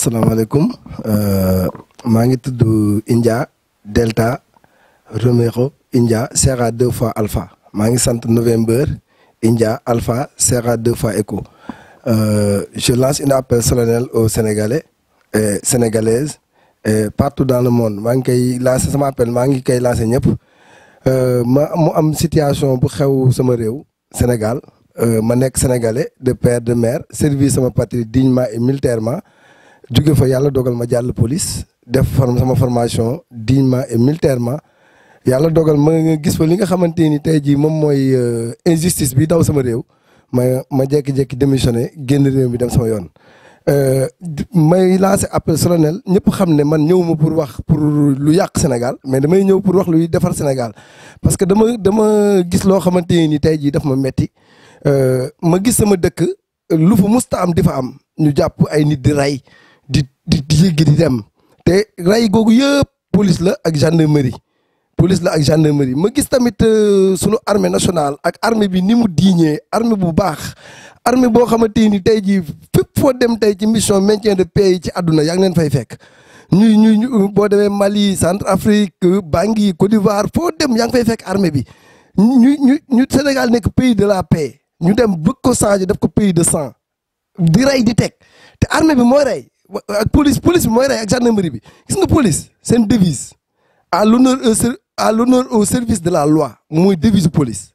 Assalamu alaikum, je euh, suis India Delta Romero India Serra deux fois Alpha Mangi suis novembre novembre, India Alpha Serra deux fois Echo euh, je lance une appel solennel aux Sénégalais et Sénégalaises et partout dans le monde Mangi lance koy appel je lance koy lancé ñëpp euh, mu am situation bu xew sama réew Sénégal ma suis sénégalais de père de mère servir sama patrie dignement et militairement. juge fa yàlla dogal ma jàll police def sama formation dignement et militairement yàlla dogal ma nga gis fa li nga xamante nii tey jii moom mooy euh, injustice bi daw sama réew ma ma jékki-jékki démissionné génn réew mi dem sama yoon. Euh, may lancé appel solennel ñëpp xam ne man ñëwuma pour wax pour lu yàq Sénégal mais damay ñëw pour wax luy defar Sénégal parce que dama dama gis loo xamante ni tey jii daf ma metti euh, ma gis sama dëkk lu fa musta am di fa am ñu jàpp ay nit di rey. di di dem te rey googu yëpp police la ak gendarmerie police la ak gendarmerie ma gis tamit euh, sunu armee national ak armée bi ni mu diiñee armee bu baax armée boo xamante ni tey jii fépp foo dem tey ci mission maintien de paix yi ci adduna yaa ngi fay fekk ñuy ñuy boo demee Mali Centrafrique Bangui Côte d'Ivoire foo dem yaa ngi fay fekk armée bi ñu ñu ñu Sénégal nekk pays de la paix ñu dem bëgg ko changer def ko pays de sans di rey di teg te armée bi mooy rey la police police bi mooy bi nga police devise à l'honneur euh, à l'honneur au service de la loi mooy devise police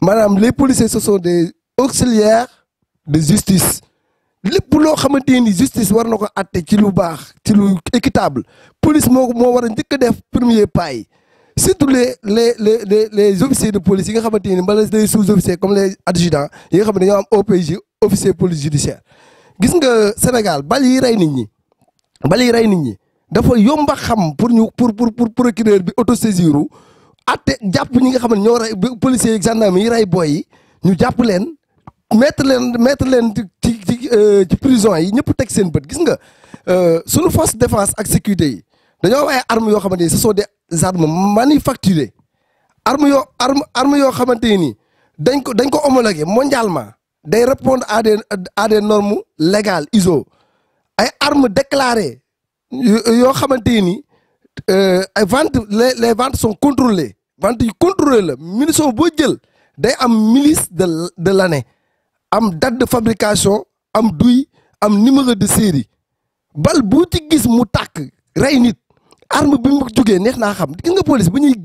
Madame, les policiers ce sont des auxiliaires de justice lépp loo xamante justice war na ko atte ci lu ci lu équitable police moo moo war a njëkk a def premier pays. surtout les les les les officiers de police ils nga xamante sous-officiers comme les adjudants ils nga des ne dañoo am OPJ officier police judiciaire gis nga Sénégal bal yi rey nit ñi bal yi rey nit ñi dafa yomba xam pour ñu pour pour pour procureur bi autosaisir u atte jàpp ñi nga xam ñoo rey policiers yi gendarme yi rey booy ñu jàpp leen mettre leen mettre leen ci ci ci euh, prison yi ñëpp teg seen bët gis nga euh, suñu force défense ak sécurité yi dañoo waaye armes yoo xamante ni ce sont des armes manufacturées armes yoo arme yoo xamante ni dañ ko dañ ko homologué mondialement day répondre à des à des normes légales ISO Les armes déclarées yoo xamante ni euh, ay ventes les ventes sont contrôlées ventes sont contrôlées la munition boo jël day am milice de de l'année am date de fabrication am douille am numéro de série bal bu ci gis mu tàkk rey nit arme bi mu jugee neex naa xam police bu ñuy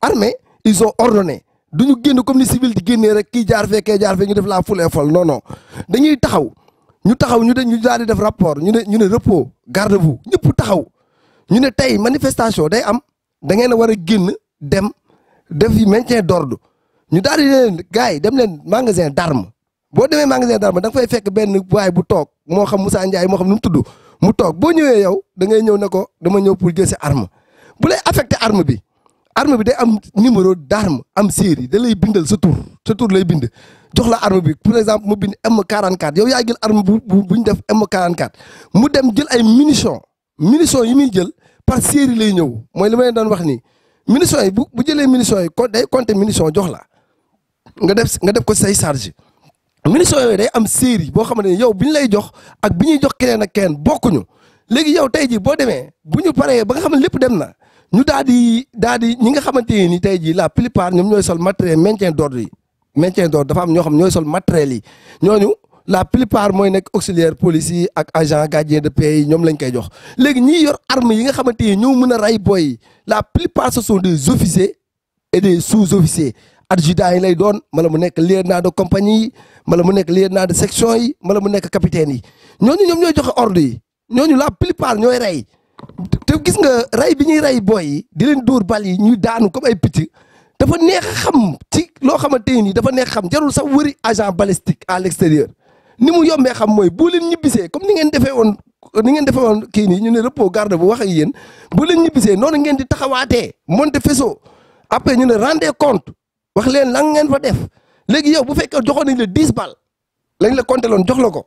armée ils ont ordonné du ñu génn comme ni civil di génnee rek ki jaar fee kee jaar fee ñu def la foule et folle non dañuy taxaw ñu taxaw ñu de ñu daal def rapport ñu ne ñu ne repos garde-à-vous taxaw ñu ne tey manifestation day am da ngeen war a génn dem def yi maintien d'ordre ñu daal di leen yi dem leen magasin d'arme boo demee magasin d'arme da nga fekk benn waay bu toog moo xam Moussa Ndiaye moo xam nu tudd mu toog boo ñëwee yow da ngay ñëw ne ko dama ñëw pour jël si arme bu lay affecté arme bi. arme bi day am numéro d'arme am série da lay bindal sa tur sa tur lay bind jox la arme bi par exemple mu bind M44 yow yaa jël arme bu bu ñu def M44 mu dem jël ay munitions munitions yi muy jël par série lay ñëw mooy li ma leen doon wax ni munitions yi bu bu jëlee munitions yi day compter munitions jox la nga def nga def ko say charge munitions yooyu day am série boo xam ne yow bi ñu lay jox ak bi ñuy jox keneen ak keneen bokkuñu léegi yow tey jii boo demee bu ñu paree ba nga xam ne lépp dem na. ñu daal di daal di ñi nga la plupart ñoom ñooy sol matériel maintien d'ordre maintien d'ordre dafa am ñoo xam ñooy sol matériel yi ñooñu la plupart mooy nekk auxiliaire police yi ak agent gardien de paix yi ñoom lañ koy jox léegi ñiy yor arme yi nga xamante ni ñoo mën a rey la plupart ce sont des officiers et des sous-officiers adjudants yi lay doon mala mu nekk lieutenant de compagnie yi mala mu nekk lieutenant de section yi mala mu nekk capitaine yi ñooñu ñoom ñooy joxe ordre yi ñooñu la plupart ñooy rey te gis nga rey bi ñuy rey booy yi di leen dóor bal yi ñuy daanu ko ay picc dafa neex a xam ci loo xamante ni dafa neex xam jarul sax wëri agent balistique à l'extérieur ni mu yombee xam mooy boo leen ñibbisee comme ni ngeen defee woon ni ngeen woon kii nii ñu ne repos garde bu wax ak yéen boo leen ñibbisee noonu ngeen di taxawaatee monte faisceau après ñu ne rendez compte wax leen lan ngeen fa def léegi yow bu fekkee joxoon nañ la dix ball lañ la compté loon jox la ko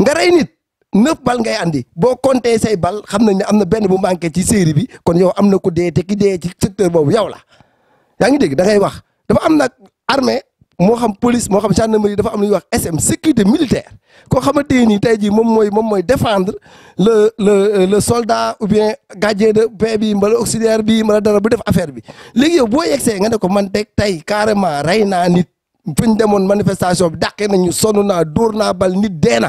nga rey nit neuf bal ngay andi boo compté say bal xam nañ ne am na benn bu manqué ci série bi kon yow am na ku dee te ki dee ci secteur boobu yow la yaa ngi dégg dangay wax dafa am nag armée moo xam police moo xam gendarmerie dafa am lu wax SM sécurité militaire koo xamante nii tey jii moom mooy moom mooy défendre la le euh, le soldat ou bien gardien de bi mbala auxiliaire bi mbala dara bu def affaire bi léegi yow boo yegsee nga ne ko man teg tey carrément rey naa nit fu ñu demoon manifestation bi dàqee nañu sonn naa dóor naa bal nit dee na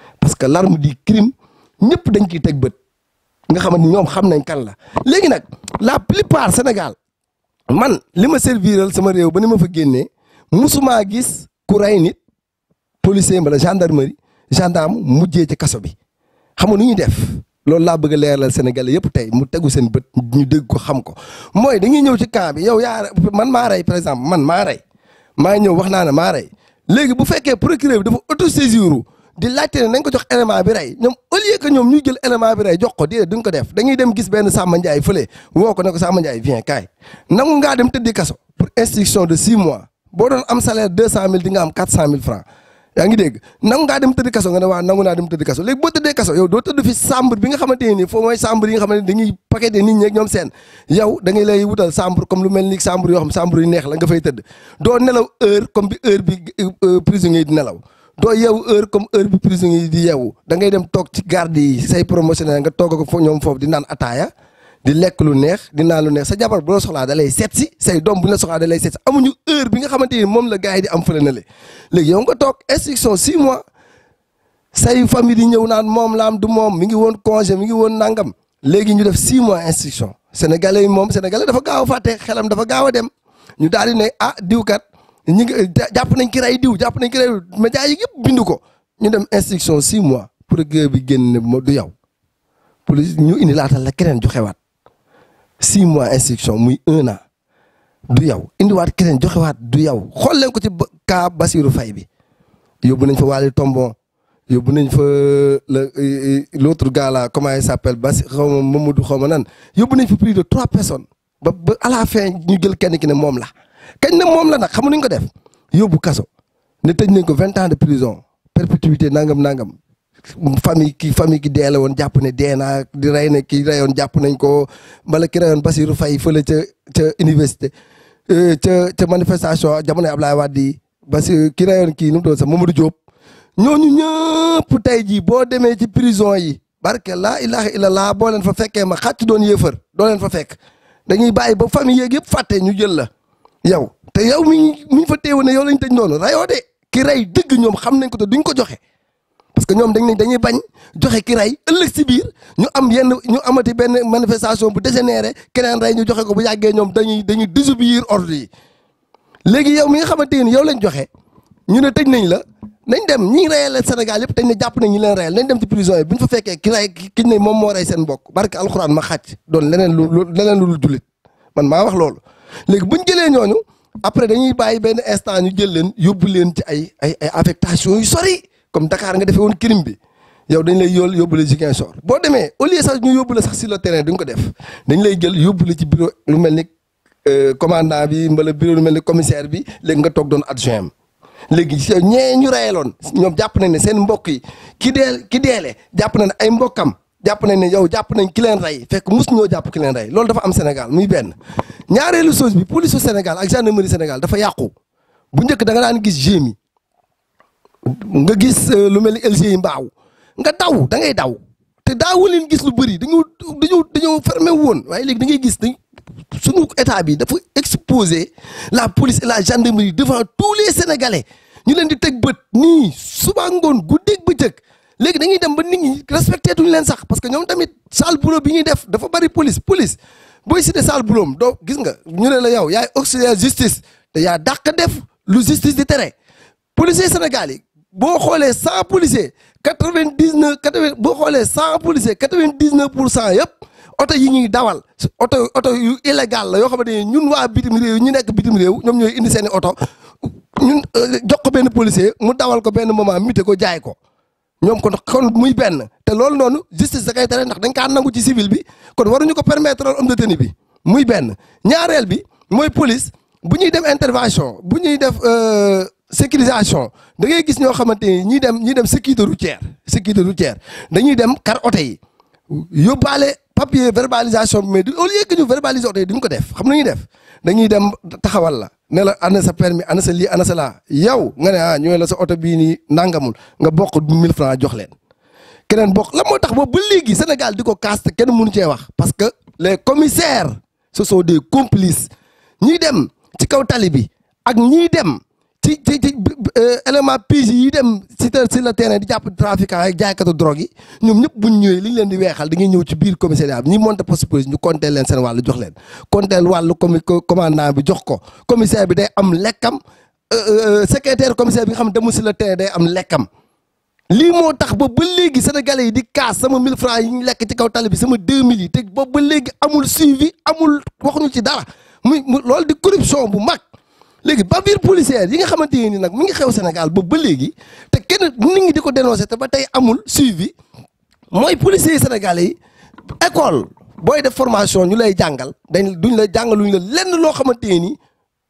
parce que lar mu du kirim ñëpp dañ ciy teg bët nga xamante ñoom xam nañ kan la léegi nag la plupart Sénégal man li ma serviral sama réew ba ni ma fa génnee musumaa gis ku rey nit policier mbala gendarmerie gendarme mujjee ci kaso bi xam nga nu ñuy def loolu laa bëgg leeral leeralal Sénégalais yëpp tey mu tegu seen bët ñu dégg ko xam ko mooy dañuy ñëw ci camp bi yow yaa man maa rey par exemple man maa rey maa ñëw wax naa ne maa rey léegi bu fekkee procureur bi dafa auto saisiru di laajte ne nañ ko jox élément bi rey ñoom au lieu que ñoom ñuy jël élément bi rey jox ko déedéet duñ ko def dañuy dem gis benn Samba Ndiaye fële woo ko ne ko Samba Ndiaye viens kaay nangu ngaa dem tëddi kaso pour instruction de six mois boo doon am salaire deux cent mille di nga am quatre cent mille francs yaa ngi dégg nangu ngaa dem tëddi kaso nga ne waa nangu naa dem tëddi kaso léegi boo tëddee kaso yow doo tëdd fi chambre bi nga xamante ne nii foo mooy chambre yi nga xamante ne dañuy paqueté nit ñi ak ñoom seen yow da ngay lay wutal chambre comme lu mel ni chambre yoo xam chambre yu neex la nga fay tëdd doo nelaw heure comme bi heure bi euh, prisonnier di nelaw doo yeewu heure comme heure bi prisonniers yi di yeewu da ngay dem toog ci garde yi say promotionnaire nga toog ko ñoom foofu di naan ataaya di lekk lu neex di naan lu neex sa jabar bu la soxlaa da lay seet si say doom bu la soxlaa da lay seet si amuñu heure bi nga xamante ni moom la gars yi di am fële na le léegi yow nga toog instruction six mois say famille di ñëw naan moom la am du moom mi ngi woon congé mi ngi woon nangam léegi ñu def six mois instruction sénégalais yi moom sénégalais dafa gaaw a fàtte xelam dafa gaaw a dem ñu daal di ne ah diwkat ñu ngi jàpp nañ ki diw jàpp nañ ki ray diw média yi yëpp bindu ko ñu dem instruction six mois procureur bi génn du yow police ñu indi laatal la keneen waat six mois instruction muy un an du yow indiwaat keneen joxewaat du yow xool leen ko ci cas Basirou fay bi yóbbu nañ fa Waly Tombon yóbbu nañ fa le l' autre gars là comment il s' appelle Basi xaw ma Mamadou xaw ma nan yóbbu nañ fa plus de trois personnes ba ba à la fin ñu jël kenn ki ne moom la. keñ na moom la nag xamu nañ ko def yóbbu kaso ne tëj nañ ko vingt ans de prison perpétuité nangam nangam famille ki famille ki dee la woon jàpp ne dee naa di rey ne ki reyoon jàpp nañ ko mbala ki reyoon Bassirou fay fële ca ca université euh, ca ca manifestation jamono Ablaye Wade di Bassirou ki reyoon kii nu mu doon sax Mamadou Diop ñooñu ñëpp tey jii boo demee ci prison yi barke laa ilaha illallah boo leen fa fekkee ma xàcc doon yéefar doo leen fa fekk dañuy bàyyi ba famille yeeg yëpp fàtte ñu jël la yow te yow mi mi fa teewoon ne yow lañ tëj noonu rayoo de ki ray dëgg ñoom xam nañ ko te duñ ko joxe parce que ñoom dañ ne dañuy bañ joxe ki ray ëllëg si ñu am yenn ñu amati benn manifestation bu dégénéré keneen ray ñu joxe ko bu yàggee ñoom dañuy dañuy désobéir ordre yi léegi yow mi nga xamante ni yow lañ joxe ñu ne tëj nañ la nañ dem ñi reyal Sénégal yëpp dañ ne jàpp nañ ñi leen reyal nañ dem ci prison yi bu ñu fa fekkee ki ray kiñ ne moom moo rey seen mbokk barke alxuraan ma xàcc doon leneen lu leneen lu jullit man maa wax loolu léegi bu ñu jëlee ñooñu après dañuy bàyyi benn instant ñu jël leen leen ci ay ay ay affectation yu sori comme Dakar nga defee woon crime bi yow dañ lay yóol yóbbu la Ziguinchor boo demee au lieu sax ñu yóbbu la sax si le terrain duñ ko def dañ lay jël yóbbu la ci bureau lu mel ni euh, commandant bi mbala bureau lu mel ni commissaire bi léegi nga toog doon adjoint léegi ñee ñu reyeloon ñoom jàpp nañ ne seen mbokk yi ki deel ki deele jàpp nañ ne ay mbokkam jàpp nañ ne yow jàpp nañ ki leen fekk mus ñoo jàpp ki leen rey loolu dafa am Sénégal muy benn ñaareelu chose bi police Sénégal ak gendarmerie Sénégal dafa yàqu bu njëkk da nga daan gis GMI nga gis euh, lu mel ni LG mbaaw nga daw da ngay daw te daawu leen gis lu bëri dañu dañu dañoo fermé woon waaye léegi da ngay gis dañ suñu état bi dafa exposer la police et la gendarmerie devant tous les Sénégalais ñu leen di teg bët nii suba ngoon guddeeg bëccëg léegi dañuy dem ba nit ñi respecté tuñ leen sax parce que ñoom tamit saal boulot bi ñuy def dafa bari police police booy cité sale boulot doo gis nga ñu ne la yow yaay auxiliaire justice te yaa dàq def lu justice di tere policier Sénégal yi boo xoolee cent policiers quatre vingt dix neuf quatre vingt boo xoolee cent policiers quatre vingt pour cent yëpp oto yi ñuy dawal oto oto yu illégal la yoo xamante ne ñun waa bitim réew ñu nekk bitim réew ñoom ñooy indi seen oto ñun euh, jox ko benn policier mu dawal ko benn moment mité ko jaay ko. ñoom kon kon muy benn te loolu noonu justice da tere ndax dañ kaa nangu ci civil bi kon waruñu ko permettre homme de tenue bi muy benn ñaareel bi mooy police bu ñuy dem intervention bu ñuy def euh, sécurisation da ngay gis ñoo xamante ni ñiy dem ñiy dem sécurité routière sécurité routière dañuy dem kar oto yi yóbbaale papier verbalisation bi mais du au lieu que ñu verbaliser oto yi duñ ko def xam nañu def dañuy dem taxawal la ne la ana sa permis ana sa lii ana sa laa yow nga ne ah ñu la sa oto bii nii nangamul nga bokk 1000 francs jox leen keneen bokk la moo tax boobu ba léegi Sénégal di ko kaas te kenn mënu cee wax parce que les commissaires ce sont des complices ñiy dem ci kaw tali bi ak ñiy dem. ci ci ci euh, élément pige yi dem si si la terrain di jàpp trafiquant ak jaaykatu drogue ñoom ñëpp buñ ñëwee li ñu leen di weexal da ngay ñëw ci biir commissariat bi ñi monté poste police ñu compté leen seen wàllu jox leen compté wàllu commi commandant bi jox ko commissaire bi day am lekkam euh, euh, secrétaire commissaire bi nga xam ne demul si la terrain day am lekkam lii moo tax ba ba léegi sénégalais yi di kaas sama 1000 francs yi ñu lekk ci kaw tali bi sama 2000 yi te ba ba léegi amul suivi amul waxuñu ci dara muy loolu di corruption bu mag léegi ba bavure policière yi nga xamante ne ni nag mu ngi xew Sénégal boobu ba léegi te kenn nit ñi di ko dénoncé te ba tey amul suivi mooy policiers sénégalais yi école booy def formation ñu lay jàngal dañ duñ la jàngaluñ la lenn loo xamante ne ni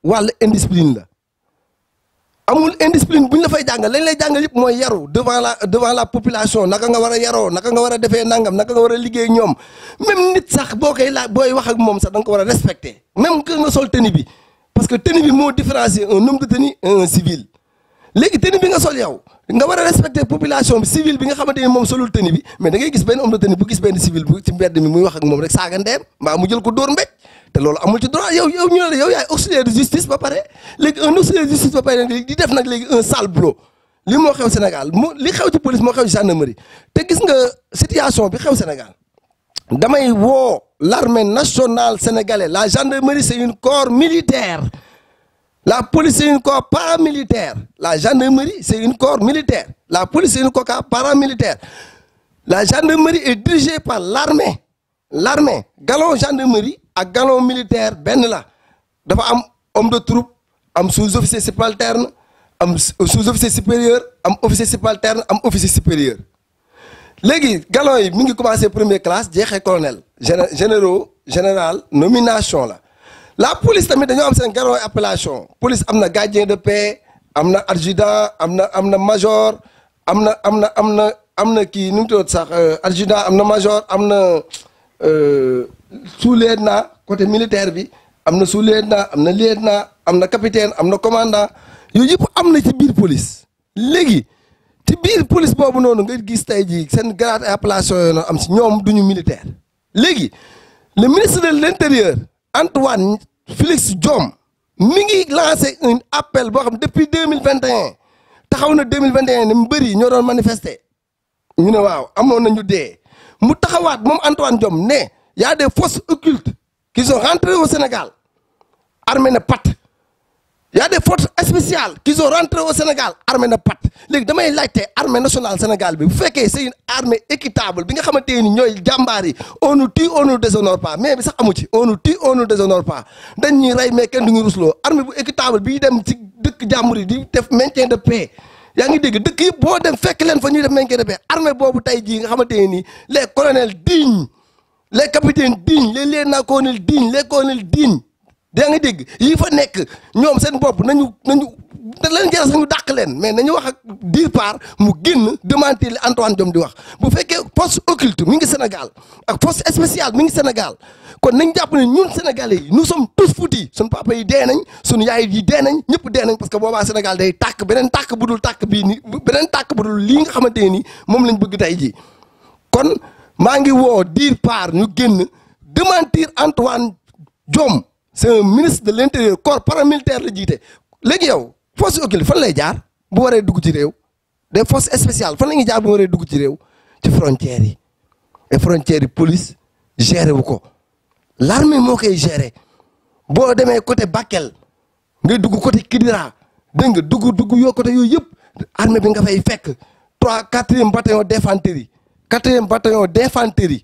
wàllu indiscipline la. amul indiscipline bu ñu la fay jàngal lañ lay jàngal yëpp mooy yaru devant la devant population naka nga war a yaroo naka nga war a defee nangam naka nga war a liggéey ñoom même nit sax boo koy laaj booy wax moom sax da ko war a respecté même que nga sol tenue bi. parce que tenue bi moo différencier un homme de tenue un civil légui tenue bi nga sol yow nga wara respecter population bi civil bi nga xamanteni mom solul tenue bi mais da ngay gis ben homme de tenue bu gis ben civil bu ci mbedd mi muy wax ak mom rek saaga ndeyam mbaa mu jël ko dóor mbéj te loolu amul ci droit yow yow ñu ne yow yaay auxiliaire de justice ba paré légui un auxiliaire de justice ba paré di def nak légui un sale boulot li mo xew Sénégal li xew ci police mo xew ci gendarmerie te gis nga situation bi xew Sénégal damay wo l'armée nationale sénégalaise, la gendarmerie, c'est un corps militaire. La police, c'est un corps paramilitaire. La gendarmerie, c'est un corps militaire. La police, c'est un corps paramilitaire. La gendarmerie est dirigée par l'armée. L'armée, galon gendarmerie à galon militaire, ben là. D'abord, am homme de troupe, am sous-officier subalterne, am sous-officier supérieur, am officier subalterne, am officier supérieur. Légui, galon, il commence première classe, j'ai colonel généraux général nomination la la police tamit dañoo am seen garooy appellation police amna gardien de paix amna na adjudant amna na major amna amna amna amna am na am na sax adjudant amna major amna na sous-lieutenant côté militaire bi amna sous-lieutenant amna lieutenant amna capitaine amna commandant yooyu yëpp am na ci biir police léegi ci biir police boobu noonu nga gis tey jii seen grade appellation yooyu noonu am si ñoom duñu militaire le ministre de l'intérieur Antoine Félix Diom, a lancé un appel depuis 2021. En 2021, 2021, taxaw na a manifesté. Antoine y a des forces occultes qui sont rentrées au Sénégal armées de patte. y a des forces spéciales qui sont rentrées au Sénégal armée na pat léegi damay laajte armée nationale Sénégal bi bu fekkee sey une armée équitable bi nga xamante ni ñooy jàmbaar yi on nous tue on nous déshonore mais bi sax amu ci on nous tue on nous déshonore pas dañ ñuy rey mais kenn du ñu rusloo armée bu équitable bi dem ci dëkk jàmbur yi di def maintien de paix yaa ngi dégg dëkk yëpp boo dem fekk leen fa ñuy def maintien de paix armée boobu tey jii nga xamante ne nii les colonels dignes les capitaines dignes les lieutenants colonels dignes les colonels da nga deg yi fa nek ñom seen bop nañu nañu da leen jël sax ñu dàq leen mais nañu wax ak dire part mu génn demander li Antoine Diome di wax bu fekke poste occulte mi ngi Sénégal ak poste spécial mi ngi Sénégal kon nañ japp ne ñun Sénégalais nous sommes tous foutus sun papa yi dé nañ sun yaay yi dé nañ ñepp dé nañ parce que boba Sénégal day tak benen tak budul tak bi ni benen tak budul li nga xamanteni ne ni moom lañ bëgg tay ji kon ma ngi wo dire part ñu génn demander Antoine dom c'est un ministre de l'intérieur corps paramilitaire la jiite léegi yow force occulte fan lay jaar bu waree dugg ci réew des forces spéciales fan la ñuy jaar bu waree dugg ci réew ci frontières yi et yi police géré wu ko l'armée moo koy géré boo demee côté Bakel ngay dugg côté Kidira dégg nga dugg dugg yoo côté yooyu yëpp armée bi nga fay fekk trois quatrième bataillon d'infanterie quatrième bataillon d'infanterie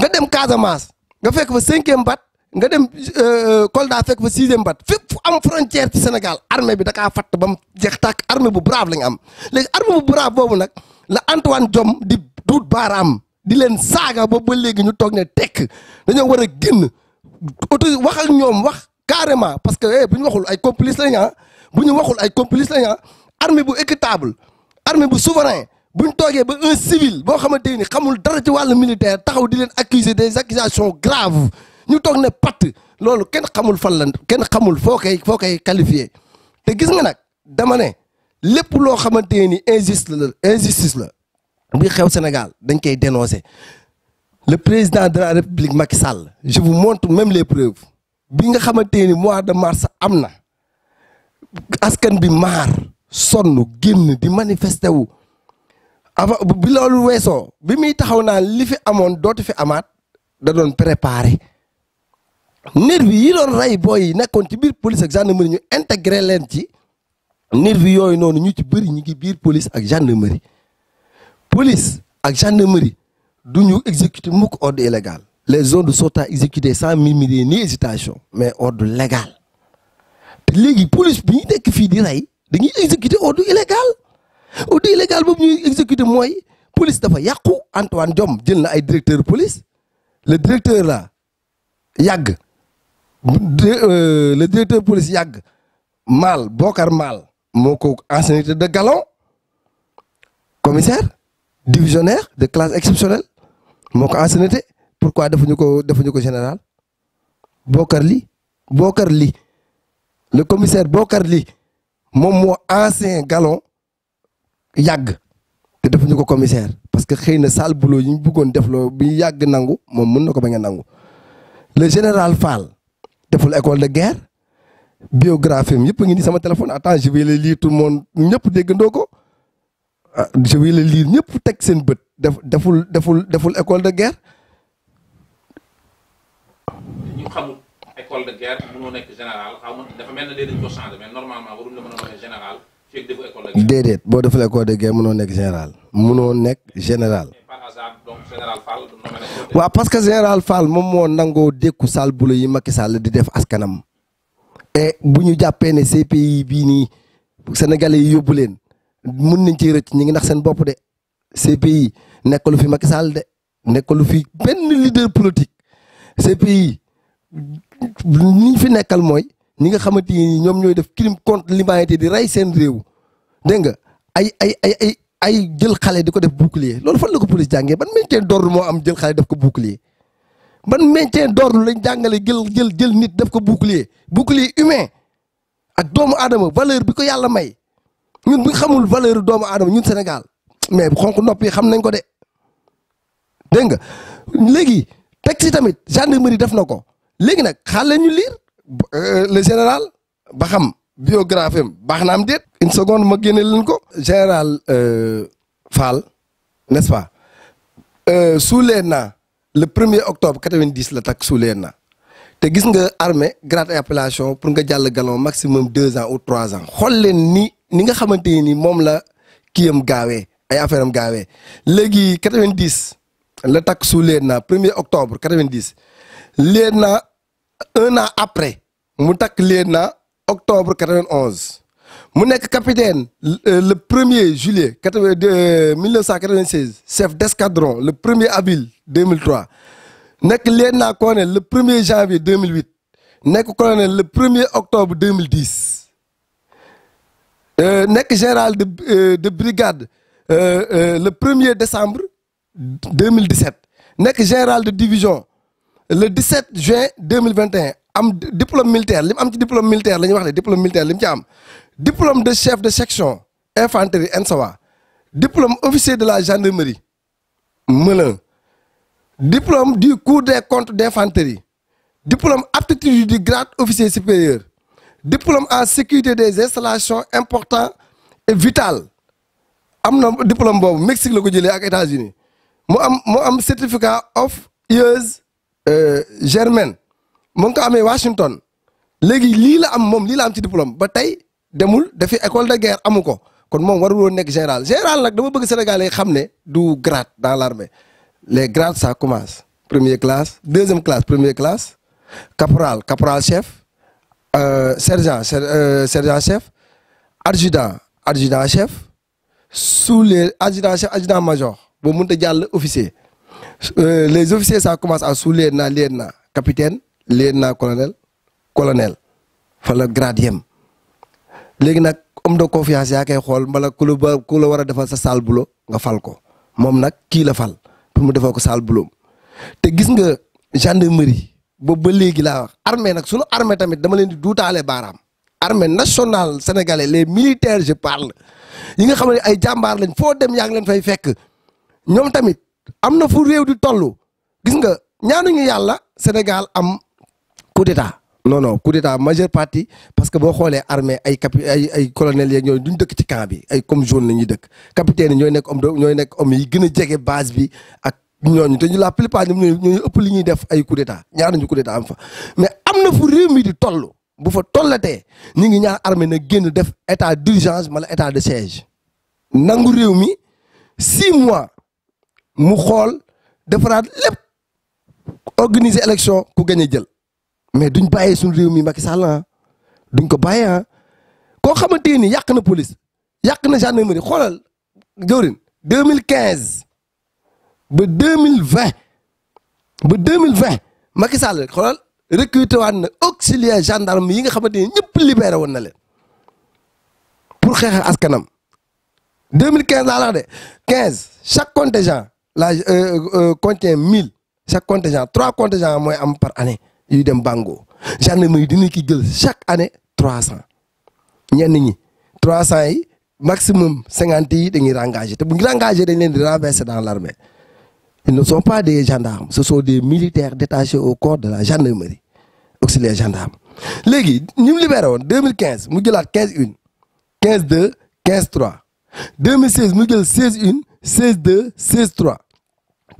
nga dem Casamance nga fekk fa cinquième bat nga dem euh, euh, Kolda fekk fa sixième bat fépp fu am frontière ci Sénégal armée bi da kaa fatt ba mu jeex tàkk armée bu brave la ñu am léegi armée bu brave boobu nag la Antoine Diome di duut baaraam di leen saaga boobu ba léegi ñu toog ne tekk dañoo war a génn auto wax ak ñoom wax carrément parce que eh, bu ñu waxul ay complice lañ ah bu ñu waxul ay complice lañ ah armée bu équitable armée bu souverain buñ toogee ba un civil boo xamante ni xamul dara ci militaire taxaw di leen accuser des accusations graves ñu toog ne patt loolu kenn xamul fan la kenn xamul foo koy foo qualifié te gis nga nag dama ne lépp loo xamante ni injustice la injustice la bi xew Sénégal dañ koy dénoncer le président de la République Macky Sall je vous montre même les preuves bi nga moi mois de mars amna. askan bi maar sonn génn di manifester avant bi loolu weesoo bi muy taxaw naan li fi amoon dootu fi amaat da doon préparer nervi yi doon rey booy yi nekkoon ci biir police ak gendarmerie ñu intégré leen ci nervi yooyu noonu ñu ci bëri ñu ngi biir police ak gendarmerie police ak gendarmerie du ñu exécuter muk ordre illégal les zones de sauvetage exécutées sans murmurer ni hésitation mais ordre légal te léegi police bi ñu nekk fii di rey dañuy exécuter ordre illégal audit illégal pour exécuter moi mooy police dafa yaku Antoine Dom jël est directeur directeur police le directeur là yag euh, le directeur police Yag Mal Bokar Mal mon enseigné ancienneté de galon commissaire divisionnaire de classe exceptionnelle moko ko ancienneté pourquoi defuñu ko ko général Bokar Li Bokar Li le commissaire Bokar Li moom moo ancien galon yàgg te defuñu ko commissaire parce que xëy na sale boulot yi ñu bëggoon def loo bi yàgg nangu moom mun na ko bañ a nangu le général Fall deful école de guerre biographie am ngi ni sama téléphone attends je vais le lire tout ñëpp déggandoo ko ah, je vais le ñëpp teg seen bët def deful deful école de guerre. déedéet bo defulee ko de guerre mënoo général mënoo nekk général Wa parce que général Fall moom n'ango nangoo dékku sal bulo yi Macky Sall di def askanam et buñu jappé né CPI bii nii sénégalais yi yóbbu mun nañ ci rëcc ñi ngi nax sen bop dé CPI nekkalu fi Macky Sall de nekkalu fi benn leader politique CPI ni fi nekkal moy ñi nga xamante ni ñoom ñooy def crime contre l'humanité di rey seen réew dégg nga ay ay ay ay ay jël xale di ko def bouclier loolu fan la ko police jàngee ban maintien d'ordre moo am jël xale def ko bouclier ban maintien d'ordre lañ jàngale jël jël jël nit def ko bouclier bouclier humain ak doomu aadama valeur bi ko yàlla may ñun bu xamul valeur doomu aadama ñun Sénégal mais xonk nopp yi xam nañ ko de dégg nga léegi teg ci tamit gendarmerie def na ko léegi nag xaar ñu liir Euh, le général ba xam biographie am baax na am déet une seconde ma génne leen ko général euh, Fall n'est-ce pas euh, Souleymane le premier octobre 90 la takk na te gis nga armée grade et appellation pour nga jàll galon maximum deux ans ou trois ans xool leen ni ni nga xamante ni moom la kiyam gaawee ay affaire am gaawee léegi 90 la takk Souleymane 1er octobre 90 léegi na un an après a octobre 91 mu euh, le capitaine le 1er juillet 1996 euh, chef d'escadron le 1er avril 2003 Nek le 1er janvier 2008 Nek colonel le 1er octobre 2010 le euh, général de brigade le 1er décembre 2017 le général de division le 17 juin 2021 am diplôme militaire lim am ci diplôme militaire la wax de diplôme militaire lim diplôme de chef de section infanterie diplôme officier de la gendarmerie diplôme du cours des comptes d'infanterie diplôme aptitude du grade officier supérieur diplôme en sécurité des installations importantes et vitales am diplôme bobu Mexique la ko jëlee ak États-Unis mo am am certificat of years Euh, Germaine mu ngi ko amee Washington léegi lii la am moom lii la am ci diplôme ba tey demul dafi école de guerre amu ko kon moom warul woon nekk général général nag dama bëgg Sénégalais yi xam ne du grade dans l'armée les grades ça commence premier classe deuxième classe première classe caporal caporal chef euh, sergent euh, sergent chef adjudant adjudant chef sous les adjudant chef adjudant major boo mënta jàll officier euh, les officiers ça commence à naa lieutenant lieutenant capitaine lieutenant colonel colonel fa la grade yem léegi nag homme de confiance yaa koy xool mbala ku la ba ku war a defal sa sale boulot nga fal ko moom nag kii la fal pour mu defoo ko sale boulot te gis nga gendarmerie boobu ba léegi laa wax armée nag sunu armée tamit dama leen di duutaale baaraam armée nationale sénégalais les militaires je parle yi nga xam ne ay jàmbaar lañ foo dem yaa ngi leen fay fekk ñoom tamit am na fu réew di toll gis nga ñaanuñu yàlla Sénégal am coup d'état non non coup d'état majeure partie parce que boo xoolee armée ay capi ay ay colonels yeeg ñooy duñ dëkk ci camp bi ay comme jaune la ñuy dëkk capitaine yi ñooy nekk homme ñooy nekk homme yi gën jege base bi ak ñooñu te ñu la plupart ñoom ñooy ñooy ëpp li ñuy def ay coup d'état ñaanuñu coup d'état am fa mais am na fu réew mi di toll bu fa te ñu ngi ñaar armée na génn def état d'urgence mala état de siège nangu réew mi six mois mu xool defaraat lépp organiser élection ku gagné djel mais duñ baye sun rew mi Macky Sall duñ ko baye ah ko xamanteni yak na police yak na gendarmerie xoolal jawrin 2015 ba 2020 ba 2020 Macky Sall xoolal recruté wan na auxiliaire gendarme yi nga xamanteni ñëpp libéré won na leen pour xex askanam 2015 la la de 15 chaque contingent la euh, euh, contient 1000 chaque contingent trois contingents par année y a Bango chaque année 300 300, maximum 50, ils dans l'armée ils ne sont pas des gendarmes ce sont des militaires détachés au corps de la gendarmerie auxiliaires gendarmes nous sommes 2015 mu avons 15 1 15 2 15 trois 2016 mu avons 16 1 16 2 16 3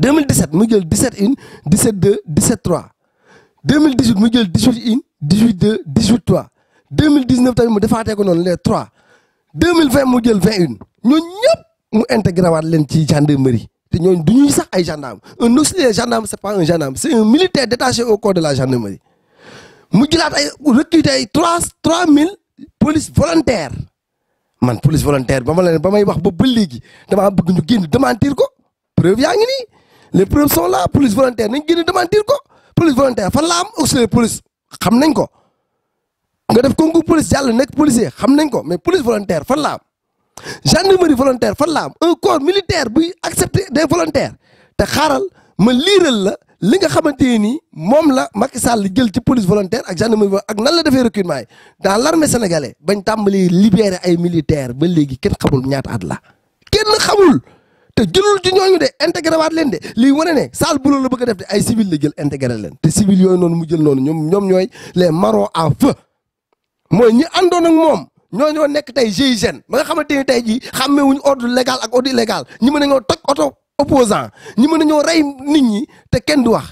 2017 mu jël 17 1 17 2 17 3 2018 mu jël 18 1 18 2 18 3 2019 tamit mu defaatee ko noonu les 3 2020 mu jël 21 ñooñu ñëpp mu intégré waat leen ci gendarmerie te ñooñu du ñuy sax ay gendarme un auxiliaire gendarme c' est pas un gendarme c' est un militaire détaché au corps de la gendarmerie mu jëlaat ay recruté ay 3 3000 police volontaire man police volontaire ba ma leen ba may wax ba ba léegi damaa bëgg ñu génn démentir ko preuve les preuves sont là police volontaire nañ gën a démentir ko police volontaire fan la am auxiliaire police xam nañ ko nga def concours police yàlla nekk policier xam nañ ko mais police volontaire fan laam am gendarmerie volontaire fan la am militaire buy accepter des volontaires te xaaral ma liiral la li nga xamante ne nii moom la Macky Sall jël ci police volontaire ak jan gendarmerie ak nan la defee recrutement yi dans l' armée sénégalaise bañ tàmbalee libérer ay militaires ba léegi kenn xamul ñaata la kenn xamul. te jëlul ci ñooñu de intégré waat leen de lii wane ne Sall Buloo la bëgg a def ay civil la jël intégré leen te civil yooyu noonu mu jël noonu ñoom ñoom ñooy le marrons à feu mooy ñi àndoon ak moom ñoo ñoo nekk tey GIGN ba nga xamante ni tey jii xàmmewuñu ordre légal ak ordre illégal ñi mën a ñoo toj oto opposant ñi mën a ñoo rey nit ñi te kenn du wax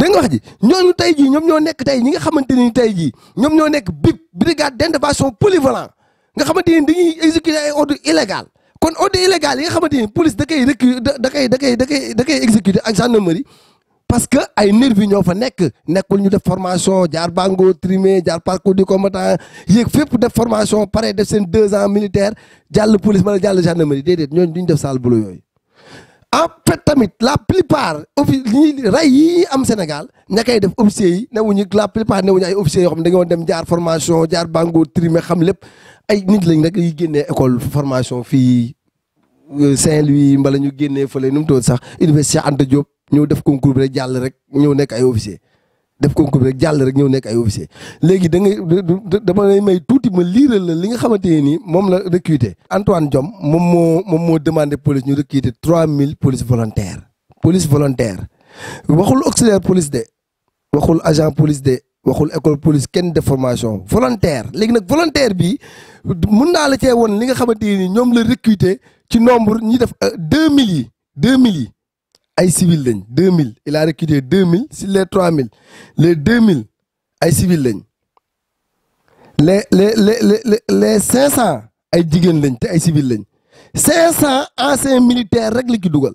wax ji ñooñu tey jii ñoom ñoo nekk tey ñi nga xamante ni tey jii ñoom ñoo nekk BIP brigade d'intervention polyvalent nga xamante ni i exécuter ay ordre illégal kon ordre illégal yi nga xamante ni police da koy recu da koy da koy da koy da koy exécuté ak gendarmerie parce que ay nervi ñoo fa nekk nekkul ñu def formation jaar bango trimé jaar parcours du combattant yéeg fépp def formation pare def seen deux ans militaire jàll police wala jàll gendarmerie déedéet ñooñu duñ def sale boulot yooyu ah fait tamit la plupart office ñi rey yi am Sénégal ña koy def officier yi newuñu la plupart newuñu ay officiers yoo xam ne dañoo dem jaar formation jaar bango trimé xam lépp ay nit lañ rek yi génnee école formation fii euh, Saint-Louis mbala ñu génnee fële nu mu tudd sax université Anta Diop ñëw def concours bi rek jàll rek ñëw nekk ay officier def concours rek jàll rek ñëw nekk ay officier léegi da ngay dama lay may tuuti ma liiral la li nga xamante ne nii moom la recruter Antoine Diome moom moo moom moo demandé police ñu recruter mille police volontaire police volontaire waxul auxiliaire police de waxul agent police de waxul école police kenn de formation volontaire léegi nag volontaire bi mun naa la cee woon li nga xamante ni ñoom la recruter ci nombre ñi def euh, deux yi deux millie ay civil lañ deux mille il a recruté deux mille sur les trois mille les deux mille ay civil lañ les les les les cinq cent ay jigéen lañ te ay civil lañ cinq cent anciens militaires rek la ci dugal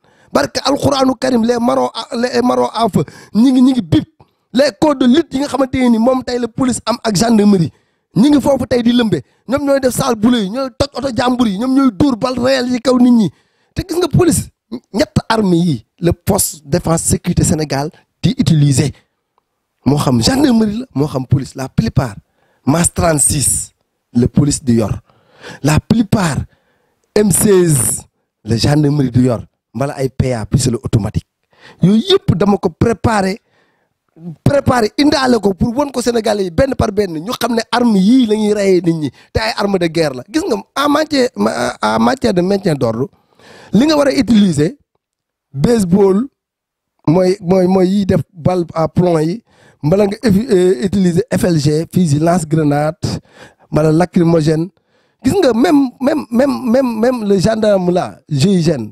barke alxuraanu karim les maro les marrons en ñi ngi ñi ngi bip les codes de lutte yi nga xamanteni ne ni moom tey la police am ak gendarmerie ñi ngi fofu tay di lëmbe ñom ñoy def saal boulay ñoy ñooy toj oto jàmbur yi ñoom ñooy dóor bal réel yi kaw nit ñi te gis nga police ñett armée yi le poste défense sécurité Sénégal di utiliser mo xam gendarmerie la mo xam police la plupart MAS 36 le police di yor la plupart M16 le gendarmerie di yor mbala ay PA pistolet automatique yooyu yëpp dama ko préparer préparer indaale ko pour wan ko Sénégalais yi benn par benn ñu xam ne arme yii la ñuy reyee nit ñi te ay arme de guerre la gis nga en matière en matière de maintien d'ordre li nga war a utiliser baseball mooy mooy mooy yiy def balle à plomb yi mbala nga euh, utiliser FLG fusil lance-grenade mbala lacrymogène gis nga même même même même même le gendarme là GIGN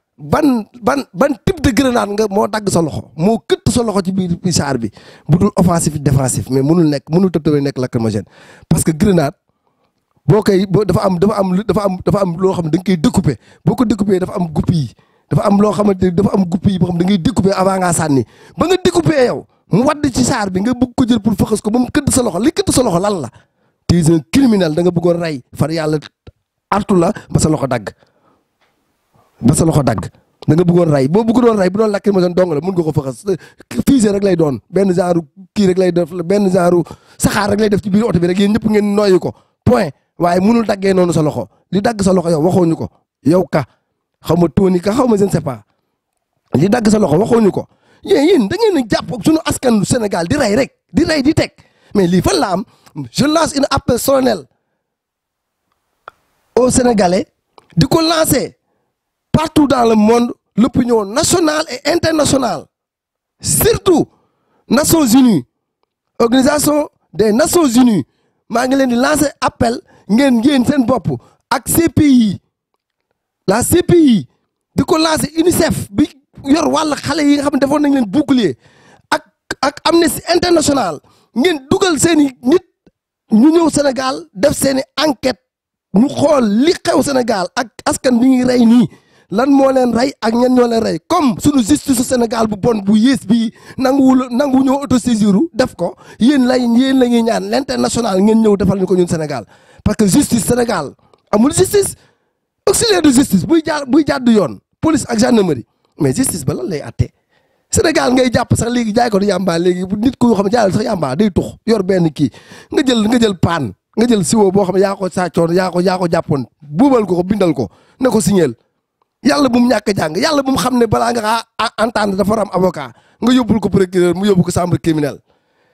ban ban ban type de grenade nga moo dagg sa loxo moo këtt sa loxo ci biir saar bi bu dul offensif défensif mais mënul nekk mënul tëb nekk lacrymogène parce que grenade boo koy boo dafa am dafa am dafa am dafa am loo xam ne da nga koy découper boo ko découper dafa am gupp yi dafa am loo xamante dafa am gupp yi boo xam da ngay découper avant ngaa sànni ba nga découper yow mu wadd ci saar bi nga bëgg ko jël pour fëxas ko ba mu këtt sa loxo li këtt sa loxo lan la. te un criminel da nga bëggoon rey far yàlla artu la ma sa loxo dagg. ba sa loxo dagg da nga bëggoon ray boo bëggoon ray bu doon lacrymogène dong la mun nga ko faxas rek lay doon benn genre kii rek lay def benn genre saxaar rek def ci biir oto bi rek yéen ñëpp ngeen noyyi ko point waaye munul daggee noonu sa loxo li dagg sa loxo yow waxooñu ko yow ka xaw ma tóoni ka xaw ma je ne sais pas dagg sa loxo waxooñu ko yéen yéen da ngeen a jàpp suñu Sénégal di rey rek di rey di teg mais lii fa la am je lance une appel o au di ko lancer. partout dans le monde l'opinion nationale et internationale surtout Nations Unies organisation des Nations Unies maa ngi lancé di lancer appel ngeen yéen seen bopp ak CPI la CPI de ko lancer UNICEF bi yor wàll xale yi nga xam defo nañ leen bouclier ak ak Amnesty International ngeen dugal seen nit ñu Sénégal def seen enquête ñu xol li xew Sénégal ak askan bi ñi ray ni lan moo leen rey ak ñen ñoo leen rey comme suñu justice Sénégal bu bon bu yées bi nanguwul nangu ñoo autosaisir def ko yéen lay yéen la ñuy ñaan l'international ngeen ñëw defal ñu ko ñun Sénégal parce que justice Sénégal amul justice auxiliaire de justice buy jaar buy jàdd yoon police ak gendarmerie mais justice ba lan lay àtte Sénégal ngay jàpp sax léegi jaay ko du yàmbaa léegi nit ku xam ne jaay sax yàmbaa day tux yor benn kii nga jël nga jël paan nga jël siwo boo xam ne yaa ko sàccoon yaa ko yaa jàppoon buubal ko ko bindal ko ne ko signeel yàlla bu mu ñàkk a jàng yàlla bu mu xam ne balaa nga entendre dafa war am avocat nga yóbbul ko procureur mu yóbbu ko chambre criminelle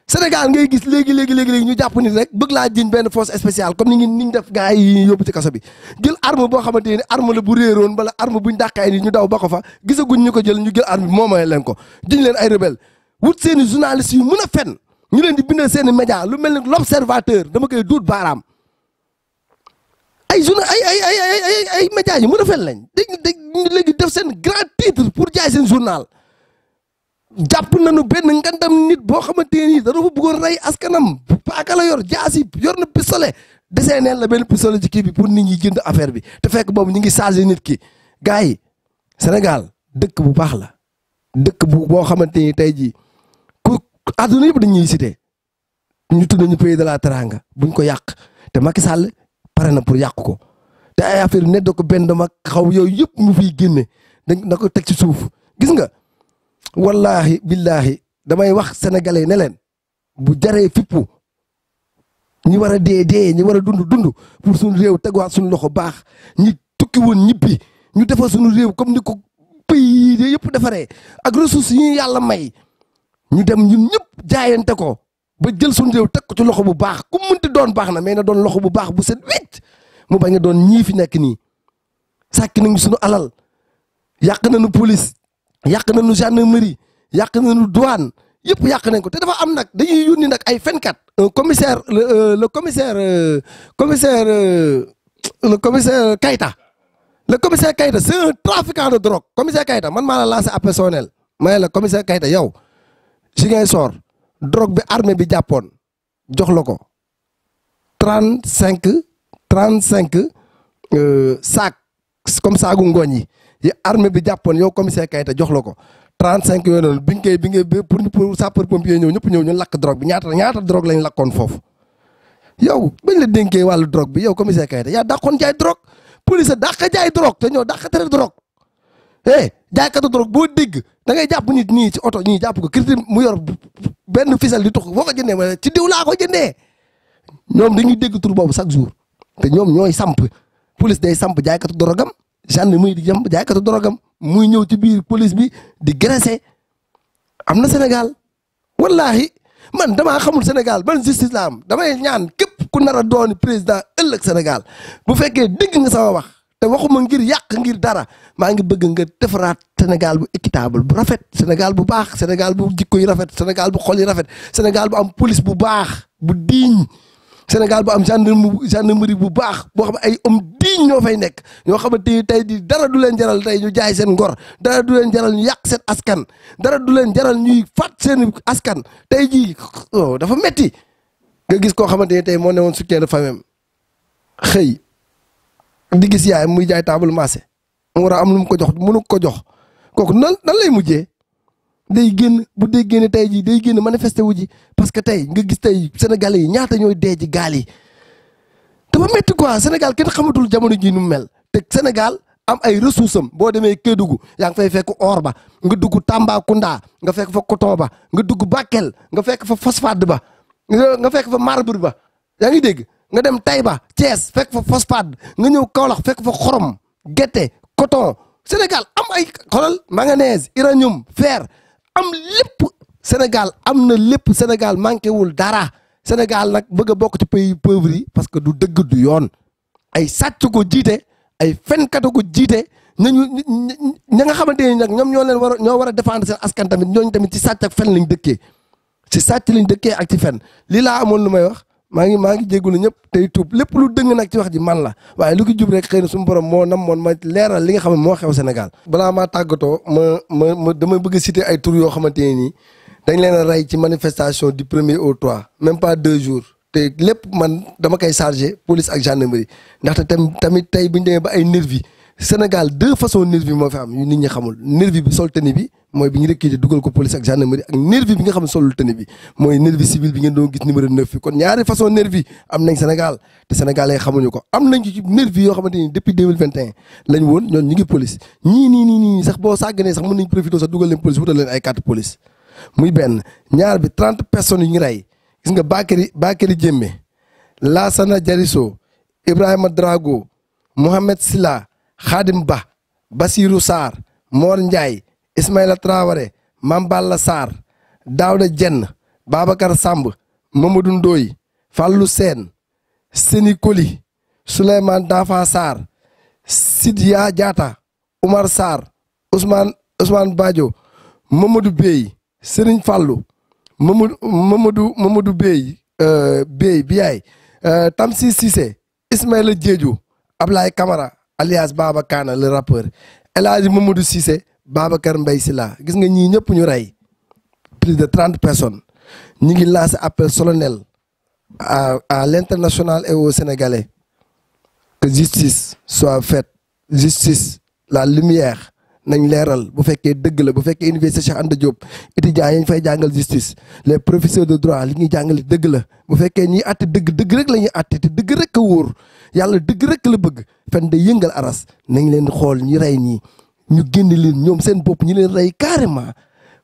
Sénégal ngay gis léegi léegi léegi léegi ñu jàpp ni rek bëgg laa jiñ benn force spéciale comme ni ñu ni ñu def gars yi yóbbu ci kaso bi jël arme boo xamante ni arme la bu réeroon bala arme buñ dàqee ni ñu daw ba ko fa gisaguñ ñu ko jël ñu jël arme bi leen ko jiñ leen ay rebelle wut seeni journaliste yu mën a fen ñu leen di bindal seeni média lu mel ni l'observateur dama koy duut baaraam ay journal ay ay ay ay ay ay médias a fen lañ dégg nga léegi def seen grand titre pour jaay seen journal jàpp nañu benn ngandam nit boo xamante nii da dafa bëggoon rey askanam paaka la yor jaasi yor na pistolet desee neen la benn pistolet ci kii bi pour nit ñi jënd affaire bi te fekk boobu ñu ngi chargé nit ki gars yi Sénégal dëkk bu baax la dëkk bu boo xamante ni tey jii ku àdduna yëpp dañuy cité ñu tudd nañu pays de la teranga buñ ko yàq te Macky Sall pare na pour yàq ko te ay affaire ne da ko benn mag xaw yooyu yëpp mu fiy génne da ko teg ci suuf gis nga wallahi billahi damay wax sénégalais ne leen bu jaree fippu ñi war a dee dee ñi war a dund dund pour suñu réew teg teguwaat suñu loxo baax ñi tukki woon ñibbi ñu defar suñu réew comme ni ko pays yëpp defaree ak ressources yi yàlla may ñu dem ñun ñëpp jaayante ko ba jël suñu réew teg ko ci loxo bu baax ku mënti doon baax na mais na doon loxo bu baax bu set wecc mu bañ a doon ñii fi nekk nii sàkk nañu suñu alal yàq nañu police yàq nañu gendarmerie yàq nañu douane yëpp yàq nañ ko te dafa am nag dañuy yónni nag ay fenkat un commissaire le commissaire euh, commissaire le commissaire Kayta euh, euh, le commissaire Kayta c'est un trafiquant de drogue commissaire Kayta man maa la lancé appel personnel ma ne la commissaire Kayta yow si ngay drogue bi armée bi japon jox lako 35 35 euh sac comme saagu ngooñ yi yi armée bi japon yow commissaire Kayita jox la ko trente cinq yooyu noonu bi nga koy bi pour pour sapeur pompier ñëw ñep ñëw ñu lak drogue bi ñaata ñaata drogue lañ lakone foofu. yow bañ la denké walu drogue bi yow commissaire Kayita ya dàqoon jay drogue police dàq jay drogue te ñoo dàq tere drogue. eh jaaykatu drogue boo dégg da ngay jàpp nit ñii ci oto ñii jàpp ko critique mu yor benn fisal di tux foo ko jëndee ma ci diw laa ko jëndee ñoom dañuy dégg tur boobu chaque jour te ñoom ñooy samp police day samp jaaykatu drogue am gendarmerie di samp jaaykatu drogue gam muy ñëw ci biir police bi di graisser am na Sénégal wallahi man dama xamul Sénégal ban justice la am damay ñaan képp ku nar a dooni président ëllëg Sénégal bu fekkee dégg nga sama wax. te waxuma ngir yàq ngir dara maa ngi bëgg nga defaraat Sénégal bu équitable bu rafet Sénégal bu baax Sénégal bu jikko yi rafet Sénégal bu xol yi rafet Sénégal bu am police bu baax bu digne Sénégal bu am gendarme gendarmerie bu baax boo xam ay homme digne ñoo fay nekk ñoo xamante ni tey di dara du leen jaral tey ñu jaay seen ngor dara du leen jaral ñu yàq seen askan dara du leen jaral ñuy faat seen askan tey jii oh, dafa metti nga gis koo xamante ni tey moo ne woon soutien de xëy. di gis yaay muy jaay table marché mu war am lu mu ko jox mënu ko jox kooku nan nan lay mujjee day génn bu dee génn tey jii day génn manifester wu ji parce que tey nga gis tey sénégalais yi ñaata ñooy dee ji gaal yi dafa métti quoi Sénégal kenn xamatul jamono jii nu mu mel te Sénégal am ay ressources boo demee Kédougou yaa ngi fay fekk or ba nga dugg Tambacounda nga fekk fa coton ba nga dugg Bakel nga fekk fa phosphate ba nga fekk fa marbre ba yaa ngi dégg. nga dem Taïba Thiès fekk fa phosphate nga ñëw Kaolack fekk fa xorom gerte coton Sénégal am ay xolal manganèse uranium fer am lépp Sénégal am na lépp Sénégal manqué wul dara Sénégal nag bëgg a bokk ci pays yi parce que du dëgg du yoon ay sàcc ko jiite ay fenkatu ko jiite nañu ña nga xamante ni nag ñoom ñoo leen war ñoo war a défendre seen askan tamit ñooñu tamit ci sàcc fen lañ dëkkee ci sàcc lañ dëkkee ak ci fen lii laa amoon lu may wax. maa ngi maa ngi jégalu ñëpp tey tuub lépp lu dëng nag ci wax ji man la waaye lu ko jub rek xëy na suñu borom moo nam moon ma leeral li nga xam moo xew Sénégal. balaa maa tàggatoo ma ma ma dama bëgg a ay tur yoo xamante ne nii dañ leen a rey ci manifestation du premier au trois même pas deux jours te lépp man dama koy chargé police ak gendarmerie ndaxte tam tamit tey bu ñu demee ba ay nervi Sénégal deux façons nervi moo fi am yu nit ñi xamul nervi bi sol bi. mooy bi ñu rekkee ji dugal ko police ak gendarmerie ak nervi bi nga xam ne solul tëni bi mooy nervi civil bi ngeen doon gis numéro 9 kon ñaari façon nervi am nañ Sénégal te sénégalais xamuñu ko am nañ ci nervi yoo xamante ni depuis 2021 lañ woon ñoon ñu ngi police ñii nii nii nii sax boo sàgganee sax mën nañ profité sax dugal leen police wutal leen ay carte police muy benn ñaar bi 30 personnes yu ñu rey gis nga Bakary Bakary Diémé Lassana Diarisso Ibrahima Drago Mohamed Ba Basirou Sarr Mor Ndiaye Ismaïla Traoré Mame Balla Sarr Daouda Dieng Babacar Samb Mamadou Ndoye Fallou Sène Séni Koli Souleymane Dafa Sarr Sidia Diatta Oumar Sarr Ousmane Ousmane Badio Mamadou Bey Serigne Fallou Mamadou Mamadou Mamadou Bey euh, Bey Biaye euh, Tamsi Cissé Ismaïla Diédhiou Ablaye Camara alias Baba Kana le rappeur El Hadji Mamadou Babacar Mbaye Sylla gis nga ñii ñëpp ñu rey plus de trente personnes ñu ngi lancé appel solennel a à l'international et aux Sénégalais que justice soit faite justice la lumière nañ leeral bu fekkee dëgg la bu fekkee université Cheikh Anta Diop étudiants yi ñu fay jàngal justice les professeurs de droit li ñuy jàngale dëgg la bu fekkee ñiy at dëgg dëgg rek la ñuy àtte dëgg rek a wóor yàlla dëgg rek la bëgg fen de yëngal aras nañ leen xool ñi rey ñii. ñu génn leen ñoom seen bopp ñu leen rey carrément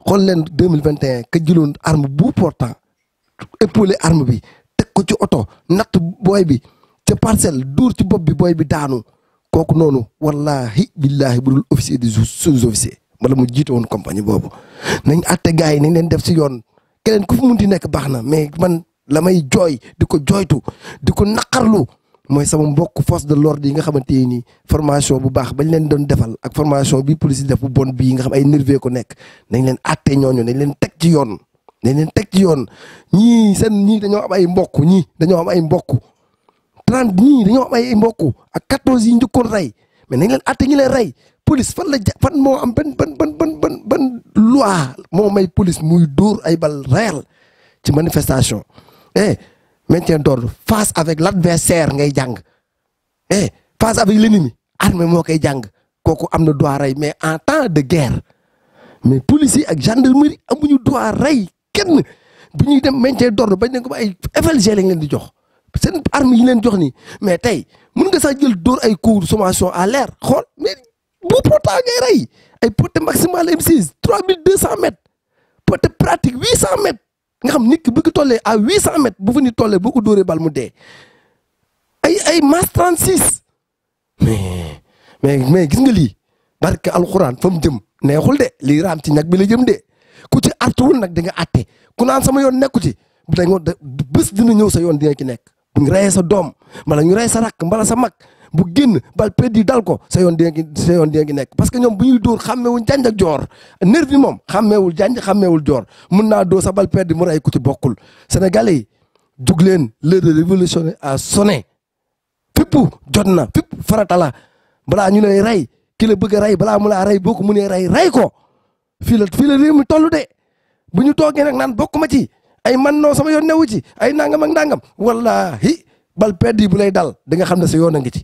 xool leen deux mille vingt et un ka jëloon arme bu portant épaulé arme bi teg ko ci oto natt booy bi ca parcelle dóor ci bopp bi booy bi daanu kooku noonu wallahi billahi bu dul officier de sous-officier wala mu jiite woon compagnie boobu nañ àtte gars yi leen def si yoon keneen ku fi mun di nekk baax na mais man la may jooy di ko jooytu di ko naqarlu mooy sama mbokk force de l'ordre yi nga xamante yi nii formation bu baax bañ leen doon defal ak formation bi police def bu bon bii nga xam ay nerveux ko nekk nañ leen àtte ñooñu nañ leen teg ci yoon nañ leen teg ci yoon ñii seen ñii dañoo am ay mbokk ñii dañoo am ay mbokk trente ñii dañoo am ay mbokk ak quatorze yi njëkkoon rey mais nañ leen àtte ñi leen rey police fan la fan moo am ban ban ban ban ban ban loi moo may police muy dóor ay bal réel ci manifestation eh maintien d'ordre face avec l'adversaire ngay jàng eh face avec l'ennemi armée moo koy jàng kooku am na droit rey mais en temps de guerre mais policier ak gendarmerie amuñu droit rey kenn bu ñuy dem maintien d'ordre bañ ne ko ba ay FLG lañ leen di jox seen arme yi leen jox nii mais tey mun nga sax jël dóor ay coups de à l'air xool mais bu pourtant ngay rey ay portée maximale M6 trois mille deux cent mètres portée pratique huit cent mètres nga xam nit ki bu ko tollee à huit cent mètres bu fa nit tollee boo ko dóoree bal mu dee ay ay masse 36 mais mais mais gis nga lii barke alxuraan fa mu jëm neexul de lii raam ci ñag bi la jëm de ku ci artuwul nag di nga àtte ku naan sama yoon nekku ci dañoo bés dina ñëw sa yoon dina ci nekk. bu ñu reyee sa doom mbala ñu rey sa rakk bala sa mag bu guen bal perdu dal ko sa yon de sa yon de ngi nekk parce que ñom bu ñuy jor, xàmmeewuñ janj ak jor nerf bi moom xàmmeewul janj xàmmeewul joor mun naa sa bal perdu mu ray, ku ci bokul sénégalais dug jug leen l'heure de a sonné fépp jotna na farata la bala ñu lay ray ki la bëgg ray bala mu la ray ko ne ray ray ko fi la fi la réew mi de bu ñu toogee naan ci ay man no sama yon newu ci ay nangam ak nangam wallahi bal perdu bu lay dal da nga xamne sa ci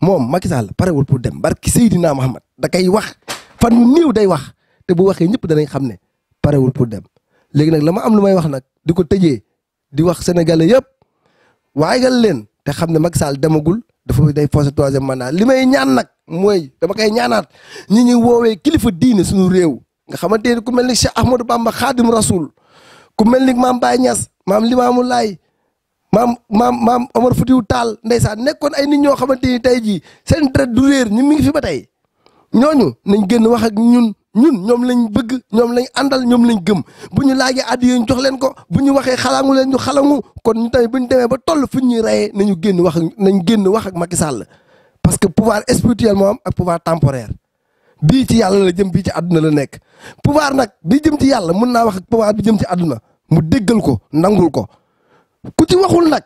moom Macky Sall parewul pour dem barki Seydina Mohamed da kay wax fan yu néew day wax te bu waxee ñëpp danañ xam ne parewul pour dem léegi nag la ma am lu may wax nag di ko tëjee di wax sénégalais yëpp waagal leen te xam ne Macky Sall demagul dafa day forcer man naa li may ñaan nag mooy dama koy ñaanaat ñi ñuy woowee kilifa diine suñu réew nga xamante ni ku mel ni Cheikh Ahmadou Bamba Khadim Rasoul ku mel ni maam Baye Niass maam Limamou Laye maam maam maam Omar Foutiou Tall ndeysaan nekkoon ay nit ñoo xamante ni tey jii seen deret du réer ñun mi ngi fi ba tey ñooñu nañ génn wax ak ñun ñun ñoom lañ bëgg ñoom lañ àndal ñoom lañ gëm bu ñu laajee àddi yi ñu jox leen ko bu ñu waxee xalaangu leen ñu xalangu kon ñu tamit bu ñu demee ba toll fu ñuy reyee nañu génn wax ak nañ génn wax ak Macky Sall parce que pouvoir spirituel moo am ak pouvoir temporaire bii ci yàlla la jëm bii ci àdduna la nekk pouvoir nag bi jëm ci yàlla mun naa wax ak pouvoir bi jëm ci àdduna mu déggal ko nangul ko ku ci waxul nag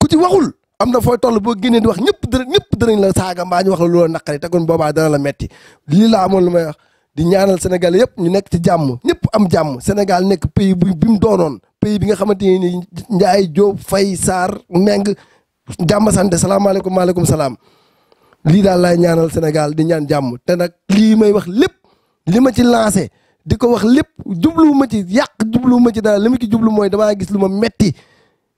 ku ci waxul am na fooy toll boo ginnee di wax ñëpp dana ñëpp danañ la saaga mbaa ñu wax la loola naqari te kon boobaa dana la metti lii laa amoon lu may wax di ñaanal Sénégal yëpp ñu nekk ci jàmm ñëpp am jàmm Sénégal nekk pays bi bi mu doonoon pays bi nga xamante ne nii Ndiaye Diop Faye Sarr Meng jàmm sant salaamaaleykum maaleykum salaam lii daal laay ñaanal Sénégal di ñaan jàmm te nag lii may wax lépp li ma ci lancé di ko wax lépp jubluwuma ci yàq jubluwuma ci dara li ma ci jublu mooy damaa gis lu ma metti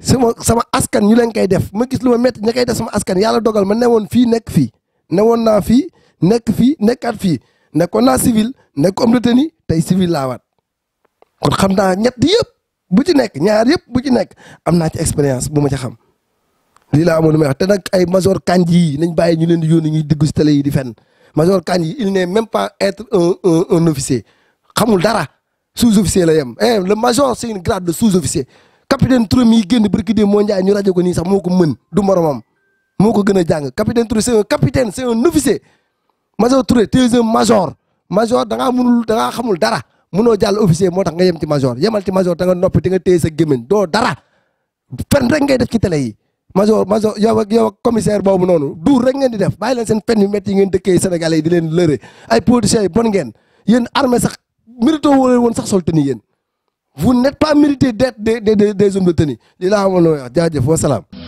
sama sama askan ñu leen koy def ma gis lu ma métti ña def sama askan yàlla dogal ma newoon fii nekk fii newoon naa fii nekk fii nekkaat fii nekkoon naa civil nekk homme de tenue tey civil laawaat kon xam naa ñett yëpp bu ci nekk ñaar yëpp bu ci nekk am naa ci expérience bu ma ca xam di laa amoon lu may te nag ay major Kandji yi nañ bàyyi ñu leen di yónni ñuy diggu si télé yi di fen major Kandji yi il n'est même pas être un un officier xamul dara sous-officier la yem eh, le major c'est grade de sous capitaine Touré mi génn barki moo njaay ñu rajo ko nii sax moo ko mën du moromam moo ko gën a jàng capitaine Touré c'est un capitaine c'est un officier major Touré tu es un major major da ngaa mënul da xamul dara mënoo jàll officier moo tax nga yem ci major yemal ci major da nga noppi di nga téye sa gémmiñ doo dara fen rek ngay def ci télé yi major major yow ak yow ak boobu noonu duur rek ngeen di def bàyyi leen seen fen yu yi ngeen dëkkee Sénégalais yi di leen lëre ay politiciens yi bon ngeen yéen armée sax mérito woon sax sol tenue yéen vous n'êtes pas mérité d'être des des des hommes de tenue li laa amoon na wa salam.